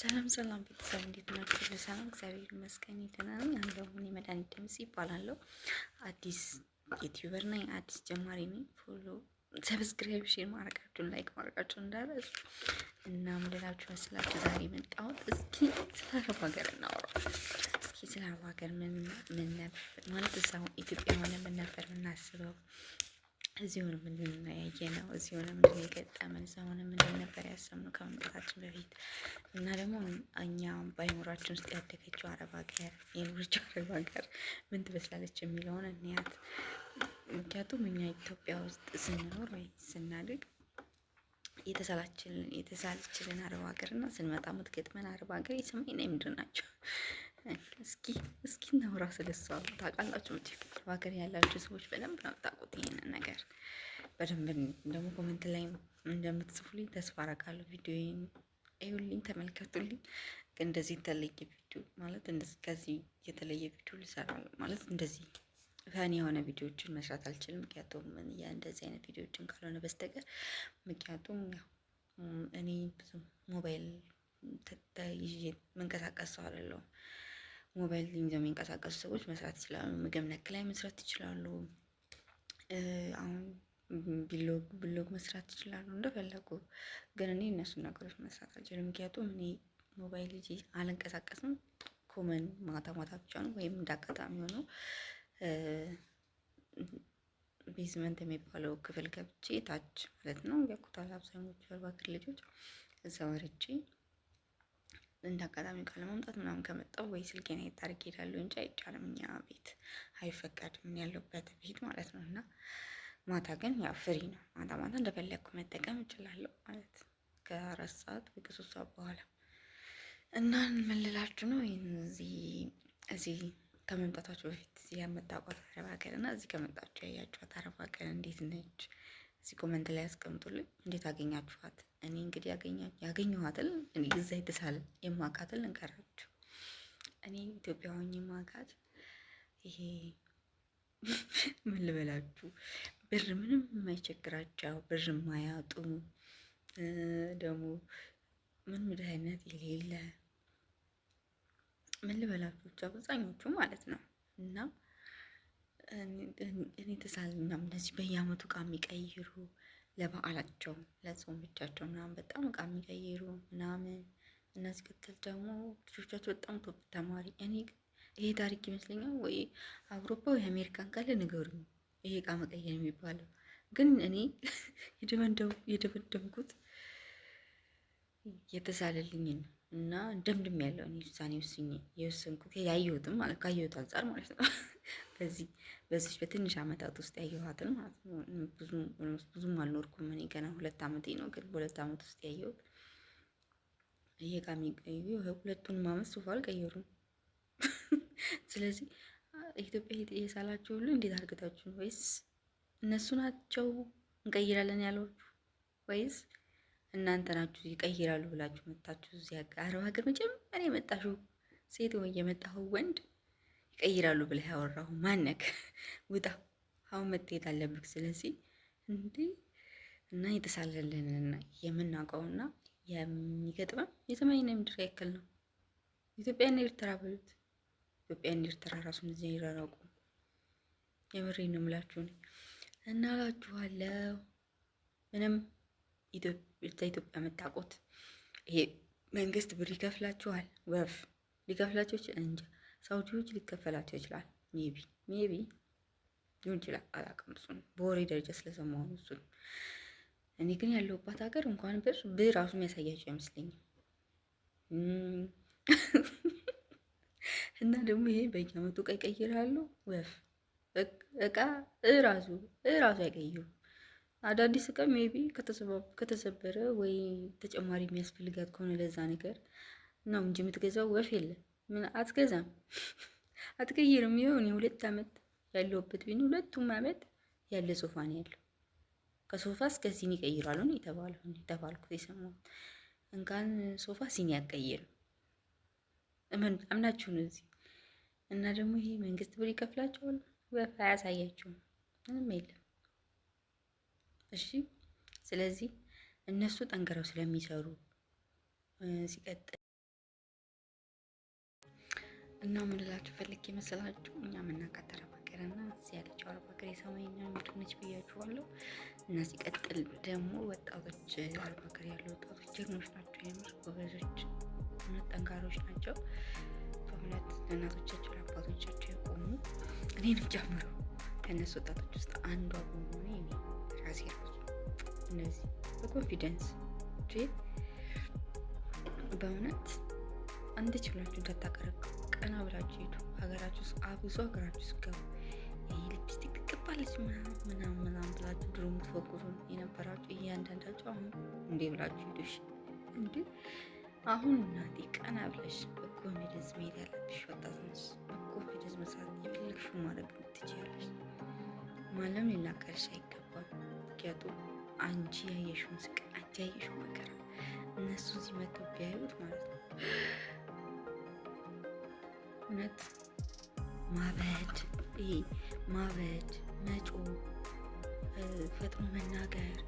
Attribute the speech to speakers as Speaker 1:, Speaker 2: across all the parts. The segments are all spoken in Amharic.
Speaker 1: ሰላም ሰላም ቤተሰብ እንዴት ናችሁ? ሰላም እግዚአብሔር ይመስገን ደህና ነኝ። አንደሁን የመድኃኒት ድምጽ ይባላለሁ። አዲስ ዩቲዩበር ነኝ። አዲስ ጀማሪ ነኝ። ፎሎ፣ ሰብስክራይብ፣ ሼር ማድረጋችሁን ላይክ ማድረጋችሁን እንዳትረሱ እና ምንላችሁ መስላችሁ ዛሬ የመጣሁት እስኪ ስለ አረብ ሀገር እናወራ። እስኪ ስለ አረብ ሀገር ምን ነበር ማለት እዛው ኢትዮጵያ ሆነ ምን ነበር የምናስበው እዚሁን ነው የምንለያየ ነው። እዚሁ ነው ምንድን የገጠመን ሰሞኑን ምንድን ነበር ያሰብነው ከመምጣታችን በፊት እና ደግሞ እኛ በአይምሯችን ውስጥ ያደገችው አረብ ሀገር የኖረችው አረብ ሀገር ምን ትመስላለች የሚለውን እንያት። ምክንያቱም እኛ ኢትዮጵያ ውስጥ ስንኖር ወይ ስናድግ የተሳላችልን አረብ ሀገር እና ስንመጣ ምትገጥመን አረብ ሀገር የሰማይና የምድር ናቸው። እስኪ እስኪ እናውራ ስለሷ። ታውቃላችሁ እንጂ ሀገር ያላችሁ ሰዎች በደንብ ነው የምታውቁት ይሄንን ነገር በደንብ ደግሞ ኮመንት ላይ እንደምትጽፉልኝ ተስፋ አደርጋለሁ። ቪዲዮዬን እዩልኝ፣ ተመልከቱልኝ። ግን እንደዚህ የተለየ ቪዲዮ ማለት እንደዚህ ከዚህ የተለየ ቪዲዮ ልሰራ ማለት እንደዚህ ፈን የሆነ ቪዲዮዎችን መስራት አልችልም። ምክንያቱም ያ እንደዚህ አይነት ቪዲዮዎችን ካልሆነ በስተቀር ምክንያቱም እኔ ብዙ ሞባይል ይዤ መንቀሳቀስ ሰው አይደለሁም። ሞባይል ይዘው የሚንቀሳቀሱ ሰዎች መስራት ይችላሉ። ምግብ ነክ ላይ መስራት ይችላሉ። አሁን ቢሎግ ብሎግ መስራት ይችላሉ እንደፈለጉ። ግን እኔ እነሱን ነገሮች መስራት አልችልም። ምክንያቱም እኔ ሞባይል ይዤ አልንቀሳቀስም። ኮመን ማታ ማታ ብቻ ነው ወይም እንዳጋጣሚ ሆነው ቤዝመንት የሚባለው ክፍል ገብቼ ታች ማለት ነው ያኩታል አብዛኞቹ የአርባ ክልል ልጆች እዛ ወርጄ እንደ አጋጣሚ ቃል ለማምጣት ምናምን ከመጣው ወይ ስልኬን የታሪክ ሄዳለሁ እንጂ አይቻልም። እኛ ቤት አይፈቀድም ያለበት ቤት ማለት ነው። እና ማታ ግን ያው ፍሪ ነው። ማታ ማታ እንደፈለግኩ መጠቀም እችላለሁ ማለት ከአራት ሰዓት ወይ ከሶስት ሰዓት በኋላ እና መልላችሁ ነው እዚህ እዚህ ከመምጣታችሁ በፊት እዚህ አረብ ሀገር እና እዚህ ከመምጣችሁ ያያችኋት አረብ ሀገር እንዴት ነች? እዚህ ኮመንት ላይ ያስቀምጡልኝ። እንዴት አገኛችኋት? እኔ እንግዲህ ያገኘኋትል እኔ እዛ ይድሳል የማውቃትን ልንገራችሁ። እኔ ኢትዮጵያ ሆኜ የማውቃት ይሄ ምን ልበላችሁ፣ ብር ምንም የማይቸግራቸው ብር የማያጡ ደግሞ ምን ምድህነት የሌለ ምን ልበላችሁ ብቻ አብዛኞቹ ማለት ነው እና እኔ ተሳዝኛም እነዚህ በየአመቱ እቃ የሚቀይሩ ለበዓላቸው ለጾም ብቻቸው ምናምን በጣም እቃ የሚቀይሩ ምናምን እና ሲቀጥል ደግሞ ልጆቻቸው በጣም ቶፕ ተማሪ። እኔ ይሄ ታሪክ ይመስለኛል ወይ አውሮፓ ወይ አሜሪካን ካለ ንገሩኝ። ይሄ እቃ መቀየር የሚባለው ግን እኔ የደመደምኩት የተሳለልኝ ነው። እና ደምድም ያለውን ውሳኔ ውስኝ የወሰንኩት ያየሁትም ማለት ካየሁት አንጻር ማለት ነው። በዚህ በዚች በትንሽ አመታት ውስጥ ያየኋትን ማለት ነው። ብዙም አልኖርኩም እኔ ገና ሁለት ዓመቴ ነው፣ ግን በሁለት አመት ውስጥ ያየሁት እየቃ የሚቀዩ ሁለቱን ማመት ሶፋ አልቀየሩም። ስለዚህ ኢትዮጵያ የሳላችሁ ሁሉ እንዴት አድርግታችሁ ወይስ እነሱ ናቸው እንቀይራለን ያሏችሁ ወይስ እናንተ ናችሁ ይቀይራሉ ብላችሁ መጣችሁ እዚህ አረብ ሀገር መጀመሪያ የመጣሹ ሴት ወይ የመጣሁ ወንድ ይቀይራሉ ብለህ ያወራሁ ማነክ ውጣ አሁን መትሄድ አለብክ ስለዚህ እንዲ እና የተሳለልንና የምናውቀውና የሚገጥመን የሰማይና የምድር ያክል ነው ኢትዮጵያና ኤርትራ በሉት ኢትዮጵያና ኤርትራ ራሱ እንደዚህ ይራራቁ የምሬ ነው የምላችሁ እኔ እና ምንም ኢትዮጵያ ኢትዮጵያ የምታውቁት ይሄ መንግስት ብር ይከፍላችኋል። ወፍ ሊከፍላቸው ይችላል እንጂ ሳውዲዎች ሊከፈላቸው ይችላል። ሜቢ ሜቢ ሊሆን ይችላል። አላውቅም። እሱን በወሬ ደረጃ ስለሰማሁ እሱን እኔ ግን ያለሁባት ሀገር እንኳን ብር ብር ራሱ የሚያሳያቸው አይመስለኝም። እና ደግሞ ይሄ በየአመቱ ቀይ ቀይራሉ። ወፍ እቃ እራሱ እራሱ አይቀይሩም። አዳዲስ እቃ ሜቢ ከተሰበረ ወይ ተጨማሪ የሚያስፈልጋት ከሆነ ለዛ ነገር ነው እንጂ የምትገዛው ወፍ የለም። ምን አትገዛም፣ አትቀይርም። የሆነ ሁለት ዓመት ያለውበት ቢን ሁለቱም ዓመት ያለ ሶፋ ነው ያለው። ከሶፋ እስከ ሲኒ ይቀይራሉ ነው የተባልኩት የሰማሁት። እንኳን ሶፋ ሲኒ አትቀይርም። አምናችሁ ነው እዚህ እና ደግሞ ይሄ መንግስት ብር ይከፍላቸዋል። ወፍ አያሳያችሁም፣ ምንም የለም። እሺ። ስለዚህ እነሱ ጠንክረው ስለሚሰሩ ሲቀጥል እና ምን ልላችሁ ፈልጌ መሰላችሁ እኛ የምናቃተረ ሀገር እና እዚህ ያለች አረብ ሀገር የሰማይኛ ምድር ነች ብያችኋለሁ። እና ሲቀጥል ደግሞ ወጣቶች አረብ ሀገር ያሉ ወጣቶች ጀግኖች ናቸው። የምር ጎበዞች፣ እውነት ጠንካሮች ናቸው። በእውነት ለእናቶቻቸው ለአባቶቻቸው የቆሙ እኔንም ጨምሮ ከእነሱ ወጣቶች ውስጥ አንዷ በመሆኔ ራሴ ራሱ እነዚህ በኮንፊደንስ እ በእውነት አንድ ችሏችሁ ታታቀረቅ ቀና ብላችሁ ሄዱ። ሀገራችሁ ውስጥ አብሶ ሀገራችሁ ስገቡ ገቡ። ይህ ልብስቲክ ትቀባለች ምናምን ምናምን ብላችሁ ድሮ የምትፎክሩ የነበራችሁ እያንዳንዳችሁ አሁን እንዴ ብላችሁ ሄዱሽ እንዲ አሁን እናቴ ቀና ብለሽ በኮንፊደንስ መሄድ ያለብሽ ወጣት ነሽ። በኮንፊደንስ መስራት የፈለግሽውን ማድረግ ትችያለሽ። ማንም ሊናገርሽ አይገባም። ሲቀጡ አንቺ ያየሽውን ስቅ አንቺ ያየሽውን መከራ እነሱ እዚህ መተው ቢያዩት ማለት ነው። እውነት ማበድ ይሄ ማበድ መጮ ፈጥኖ መናገር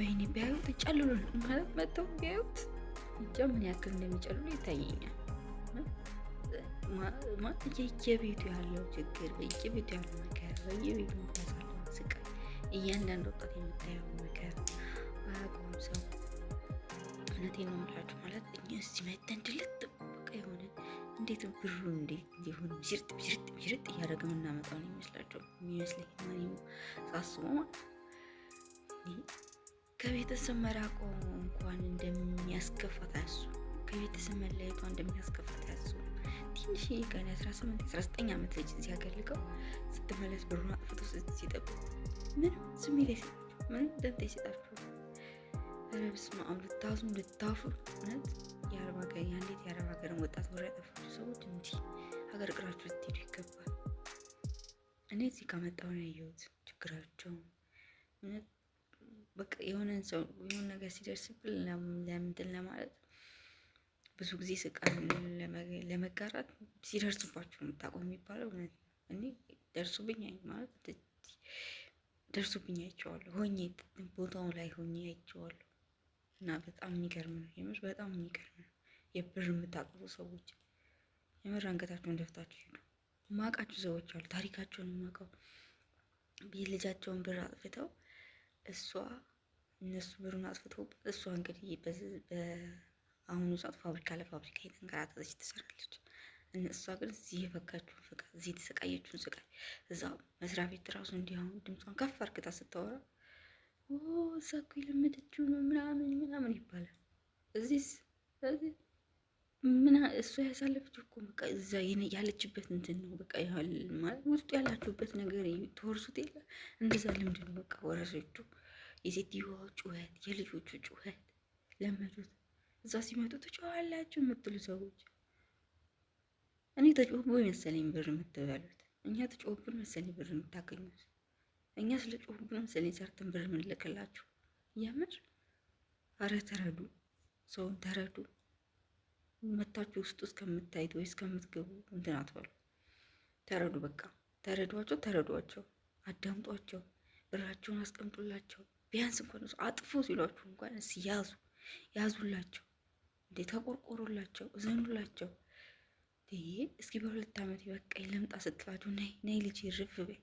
Speaker 1: ወይኔ ቢያዩት ይጨልሉን ማለት መተው ቢያዩት እጃ ምን ያክል እንደሚጨልሉ ይታየኛል። የየቤቱ ያለው ችግር በየቤቱ ያለው ነገር በየቤቱ መሳል እያንዳንድ ወጣት የምታየው ነገር አያውቀውም ሰው። እውነቴን ነው የምላችሁ ማለት እኛ እዚህ መተን ድልቅ በቃ የሆነ እንዴት ብሩ እንዴት እንዲሆን ቢርጥ ቢርጥ ቢርጥ እያደረገ የምናመጣው ነው ይመስላቸው የሚመስለኝ ማን ሳስበው ማለት ከቤተሰብ መራቆ እንኳን እንደሚያስከፋት አያሱ ከቤተሰብ መለየቷ እንደሚያስከፋት አያሱ ትንሽ ቀን 18 19 ዓመት ልጅ ሲያገልገው በማለት ብሩን አጥፍቶ ሲጠቁ ምንም ስሜት አይሰጣችሁ፣ ምንም ደብታ አይሰጣችሁ። ኧረ በስመ አብ ልታዙ ልታፍሩ። እውነት የአረብ ሀገር ያንዴት የአረብ ሀገርን ወጣት ወር ያጠፋችሁ ሰዎች እንዲህ ሀገር ቅራችሁ ልትሄዱ ይገባል። እኔ እዚህ ከመጣሁ ነው ያየሁት ችግራቸው። በቃ የሆነን ሰው የሆነ ነገር ሲደርስብን ለምንትን ለማለት ብዙ ጊዜ ስቃ ለመጋራት ሲደርስባችሁ የምታቆም የሚባለው እውነት እኔ ደርሱብኝ ማለት ደርሱብኝ አይቼዋለሁ። ሆኜ ቦታው ላይ ሆኜ አይቼዋለሁ። እና በጣም የሚገርም ነው የምር በጣም የሚገርም ነው። የብር የምታቅፉ ሰዎች የምር አንገታቸውን ደፍታችሁ ሄዱ። ማቃችሁ ሰዎች አሉ ታሪካቸውን የማውቀው ልጃቸውን ብር አጥፍተው እሷ እነሱ ብሩን አጥፍተው እሷ እንግዲህ በአሁኑ ሰዓት ፋብሪካ ለፋብሪካ የተንከራተተች ትሰራለች። እሷ ግን እዚህ የፈጋችሁን ፍቃ እዚህ የተሰቃየችውን ስቃይ እዛ መስሪያ ቤት ራሱ እንዲያውም ድምጿን ከፍ አርግታ ስታወራ እዛ እኮ የለመደችው ነው ምናምን ምናምን ይባላል። እዚህ ምና እሷ ያሳለፈችው እኮ በቃ እዛ ያለችበት እንትን ነው በቃ ያህል ማለት ውስጡ ያላችሁበት ነገር ተወርሱት የለ እንደዛ ልምድ ነው በቃ ወረሶቹ የሴትዮዋ ጩኸት፣ የልጆቹ ጩኸት ለመዱት። እዛ ሲመጡ ትጮኋላችሁ የምትሉ ሰዎች እኔ ተጮህቦኝ መሰለኝ ብር የምትበሉት፣ እኛ ተጮህቦን መሰለኝ ብር የምታገኙት፣ እኛ ስለ ጮህቦን መሰለኝ ሰርተን ብር የምንልክላችሁ። የምር አረ ተረዱ፣ ሰውን ተረዱ። መታችሁ ውስጡ እስከምታዩት ወይ እስከምትገቡ እንትን አትበሉ። ተረዱ፣ በቃ ተረዷቸው፣ ተረዷቸው፣ አዳምጧቸው፣ ብራቸውን አስቀምጡላቸው። ቢያንስ እንኳን አጥፎ ሲሏችሁ እንኳን ያዙ፣ ያዙላቸው፣ እንዴ ተቆርቆሩላቸው፣ እዘኑላቸው። እስኪ በሁለት ዓመት በቃ ለምጣ ስትላችሁ ነይ ነይ ልጅ ይርፍ በይ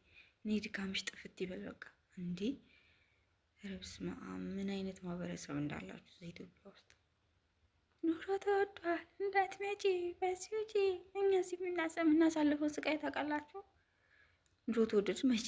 Speaker 1: ነይ ድካምሽ ጥፍት ይበል በቃ እንዴ! ረብስ ምን አይነት ማህበረሰብ እንዳላችሁ እዚህ ኢትዮጵያ ውስጥ ኑሮ ተወዷል። እንዳትመጪ በዚህ ውጪ እኛ እዚህ የምናሳልፈው ስቃይ ታውቃላችሁ። ኑሮ ተወደድ መቼ